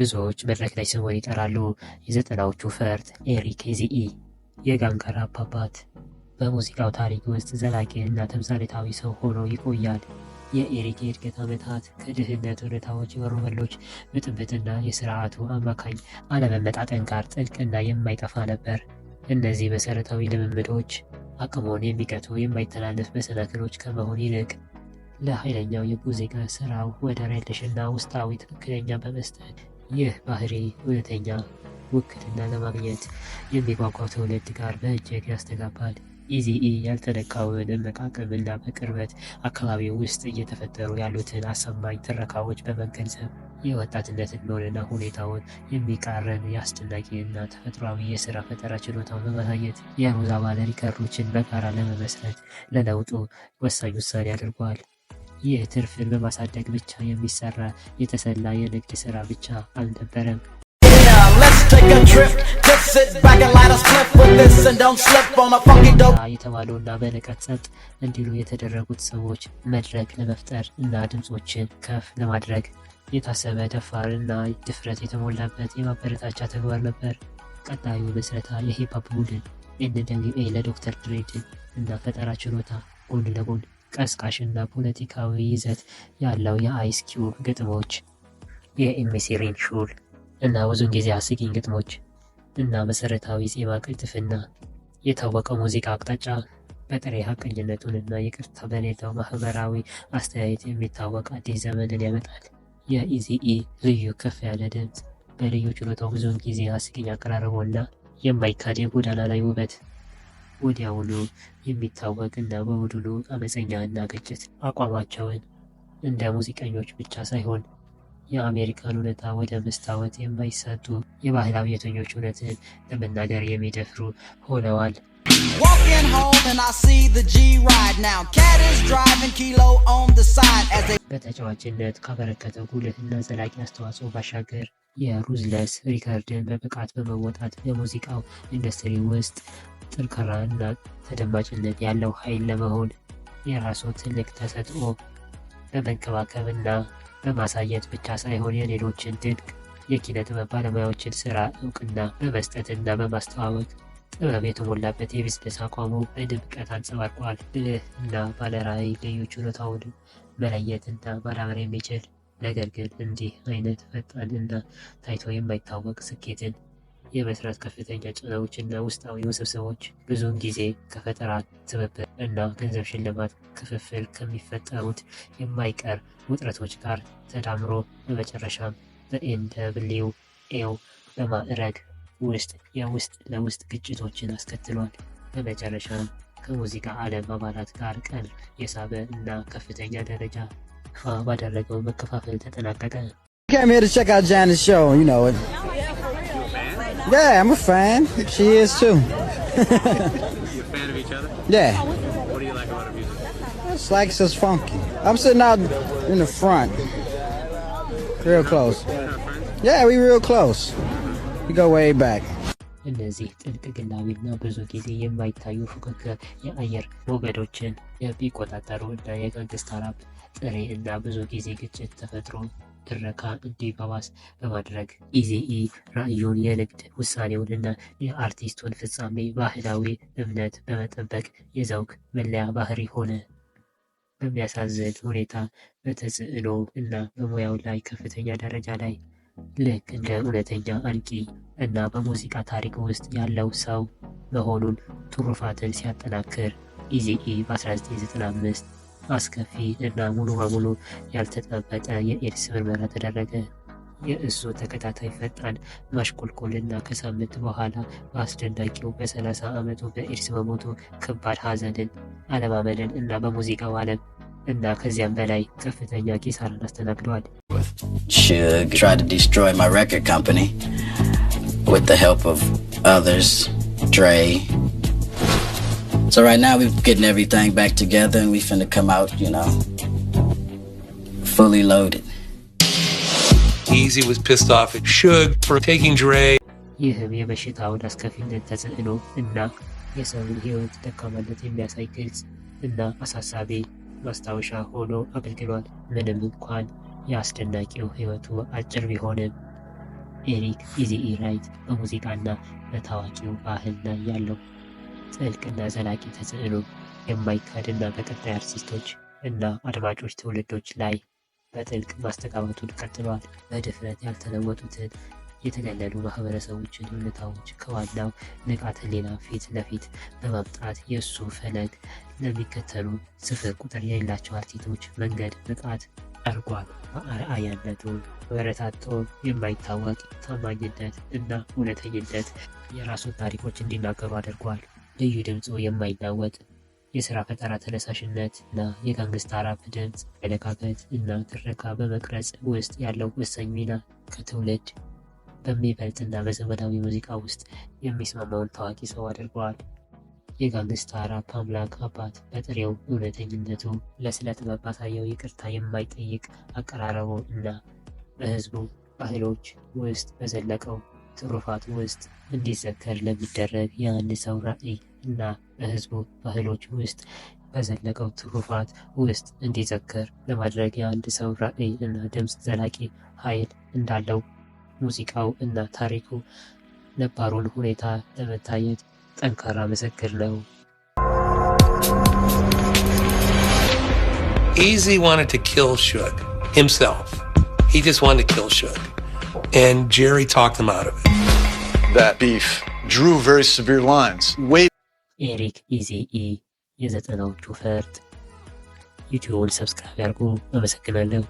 ብዙዎች መድረክ ላይ ስሙን ይጠራሉ። የዘጠናዎቹ ፈርጥ ኤሪክ ኤዚኢ የጋንጋራ አባባት በሙዚቃው ታሪክ ውስጥ ዘላቂ እና ተምሳሌታዊ ሰው ሆኖ ይቆያል። የኤሪክ የእድገት ዓመታት ከድህነት ሁኔታዎች፣ የወሮበሎች ብጥብጥና የስርዓቱ አማካኝ አለመመጣጠን ጋር ጥልቅና የማይጠፋ ነበር። እነዚህ መሠረታዊ ልምምዶች አቅሞን የሚቀቱ የማይተላለፍ መሰናክሎች ከመሆን ይልቅ ለኃይለኛው የሙዚቃ ስራው ወደር የለሽና ውስጣዊ ትክክለኛ በመስጠት ይህ ባህሪ እውነተኛ ውክልና ለማግኘት የሚጓጓው ትውልድ ጋር በእጅግ ያስተጋባል። ኢዚኢ ያልተነካውን መቃቅምና በቅርበት አካባቢ ውስጥ እየተፈጠሩ ያሉትን አሰማኝ ትረካዎች በመገንዘብ የወጣትነትን መሆንና ሁኔታውን የሚቃረን የአስደናቂ እና ተፈጥሯዊ የስራ ፈጠራ ችሎታውን በማሳየት የሮዛ ባለሪከሮችን በጋራ ለመመስረት ለለውጡ ወሳኝ ውሳኔ አድርጓል። ይህ ትርፍን በማሳደግ ብቻ የሚሰራ የተሰላ የንግድ ስራ ብቻ አልነበረም። የተባለውና በንቀት እንዲሉ የተደረጉት ሰዎች መድረክ ለመፍጠር እና ድምፆችን ከፍ ለማድረግ የታሰበ ደፋር እና ድፍረት የተሞላበት የማበረታቻ ተግባር ነበር። ቀጣዩ ምስረታ የሂፓፕ ቡድን ኤንደብሊውኤ ለዶክተር ድሬድን እና ፈጠራ ችሎታ ጎን ለጎን ቀስቃሽና ፖለቲካዊ ይዘት ያለው የአይስ ኪዩብ ግጥሞች፣ የኤምሲ ሬን ሹል እና ብዙውን ጊዜ አስቂኝ ግጥሞች እና መሰረታዊ ዜማ ቅልጥፍና የታወቀው ሙዚቃ አቅጣጫ በጥሬ ሀቀኝነቱን እና ይቅርታ በሌለው ማህበራዊ አስተያየት የሚታወቅ አዲስ ዘመንን ያመጣል። የኢዚኢ ልዩ ከፍ ያለ ድምፅ በልዩ ችሎታው ብዙውን ጊዜ አስቂኝ አቀራረቡና የማይካድ የጎዳና ላይ ውበት ወዲያውኑ የሚታወቅና በቡድኑ እና ግጭት አቋማቸውን እንደ ሙዚቀኞች ብቻ ሳይሆን የአሜሪካን እውነታ ወደ መስታወት የማይሰጡ የባህል ቤተኞች እውነትን ለመናገር የሚደፍሩ ሆነዋል። በተጫዋችነት ካበረከተው ጉልህና ዘላቂ አስተዋጽኦ ባሻገር የሩዝለስ ሪከርድን በብቃት በመወጣት በሙዚቃው ኢንዱስትሪ ውስጥ ጠንካራ እና ተደማጭነት ያለው ኃይል ለመሆን የራሱ ትልቅ ተሰጥኦ በመንከባከብ በማሳየት ብቻ ሳይሆን የሌሎችን ድንቅ የኪነ ጥበብ ባለሙያዎችን ስራ እውቅና በመስጠት እና በማስተዋወቅ ጥበብ የተሞላበት የቢዝነስ አቋሙ በድምቀት አንጸባርቋል። ብልህ እና ባለራዕይ ልዩ ችሎታውን መለየት እና ማዳበር የሚችል ነገር ግን እንዲህ አይነት ፈጣን እና ታይቶ የማይታወቅ ስኬትን የመስራት ከፍተኛ ጫናዎች እና ውስጣዊ ውስብስቦች ብዙውን ጊዜ ከፈጠራ ትብብር እና ገንዘብ ሽልማት ክፍፍል ከሚፈጠሩት የማይቀር ውጥረቶች ጋር ተዳምሮ በመጨረሻም በኤን ኤው በማዕረግ ውስጥ የውስጥ ለውስጥ ግጭቶችን አስከትሏል። በመጨረሻም ከሙዚቃ ዓለም አባላት ጋር ቀን የሳበ እና ከፍተኛ ደረጃ ባደረገው መከፋፈል ተጠናቀቀ። Yeah, I'm a fan. She is too. you a fan of each other? Yeah. What do you like about her music? It's like it's funky. I'm sitting out in the front. Real close. Yeah, we real close. We go way back. እነዚህ ጥንቅቅናዊና ብዙ ጊዜ የማይታዩ ፉክክር የአየር ሞገዶችን የሚቆጣጠሩ እና የጋንግስተር ራፕ ጥሬ እና ብዙ ጊዜ ግጭት ተፈጥሮ ትረካ እንዲባባስ በማድረግ ኢዜኢ ራዕዩን፣ የንግድ ውሳኔውንና የአርቲስቱን ፍጻሜ ባህላዊ እምነት በመጠበቅ የዘውግ መለያ ባህሪ ሆነ። በሚያሳዝን ሁኔታ በተጽዕኖ እና በሙያው ላይ ከፍተኛ ደረጃ ላይ ልክ እንደ እውነተኛ አንቂ እና በሙዚቃ ታሪክ ውስጥ ያለው ሰው መሆኑን ትሩፋትን ሲያጠናክር ኢዜኢ በ1995 አስከፊ እና ሙሉ በሙሉ ያልተጠበቀ የኤድስ ምርመራ ተደረገ። የእሱ ተከታታይ ፈጣን ማሽቆልቆልና ከሳምንት በኋላ በአስደናቂው በ30 ዓመቱ በኤድስ መሞቱ ከባድ ሐዘንን፣ አለማመንን እና በሙዚቃው ዓለም እና ከዚያም በላይ ከፍተኛ ኪሳራን አስተናግደዋል። So right now we're getting everything back together and we finna come out, you know, fully loaded. Easy was pissed off at Suge for taking Dre. ይህም የበሽታውን አስከፊነት ተጽዕኖ እና የሰውን ሕይወት ደካማነት የሚያሳይ ግልጽ እና አሳሳቢ ማስታወሻ ሆኖ አገልግሏል። ምንም እንኳን የአስደናቂው ሕይወቱ አጭር ቢሆንም ኤሪክ ኢዚኢ ራይት በሙዚቃና በታዋቂው ባህል ላይ ያለው ጥልቅና ዘላቂ ተጽዕኖ የማይካድና በቀጣይ አርቲስቶች እና አድማጮች ትውልዶች ላይ በጥልቅ ማስተጋባቱን ቀጥሏል። በድፍረት ያልተለወጡትን የተገለሉ ማህበረሰቦችን እውነታዎች ከዋናው ንቃተ ሌላ ፊት ለፊት በማምጣት የእሱ ፈለግ ለሚከተሉ ስፍር ቁጥር የሌላቸው አርቲስቶች መንገድ ብቃት አርጓል። በአርአያነቱ በረታቶ የማይታወቅ ታማኝነት እና እውነተኝነት የራሱን ታሪኮች እንዲናገሩ አድርጓል። ልዩ ድምፁ የማይናወጥ የሥራ ፈጠራ ተነሳሽነት እና የጋንግስታራ ድምፅ መለካከት እና ትረካ በመቅረጽ ውስጥ ያለው ወሳኝ ሚና ከትውልድ በሚበልጥና በዘመናዊ ሙዚቃ ውስጥ የሚስማማውን ታዋቂ ሰው አድርገዋል። የጋንግስታራ አምላክ አባት በጥሬው እውነተኝነቱ ለስለ ጥበብ ባሳየው ይቅርታ የማይጠይቅ አቀራረቡ እና በህዝቡ ባህሎች ውስጥ በዘለቀው ትሩፋት ውስጥ እንዲዘከር ለሚደረግ የአንድ ሰው ራዕይ እና ባህሎች ውስጥ በዘለቀው ትሩፋት ውስጥ እንዲዘከር ለማድረግ የአንድ ሰው ራዕይ እና ድምፅ ዘላቂ ኃይል እንዳለው ሙዚቃው እና ታሪኩ ነባሩን ሁኔታ ለመታየት ጠንካራ ምስክር ነው። Easy wanted to kill Suge himself. He just wanted to kill Suge. And Jerry talked him out of it. That beef drew very severe lines. Way ኤሪክ ኢዜኢ የዘጠናዎቹ ፈርጥ ዩቲዩብን ሰብስክራይብ ያድርጉ። አመሰግናለሁ።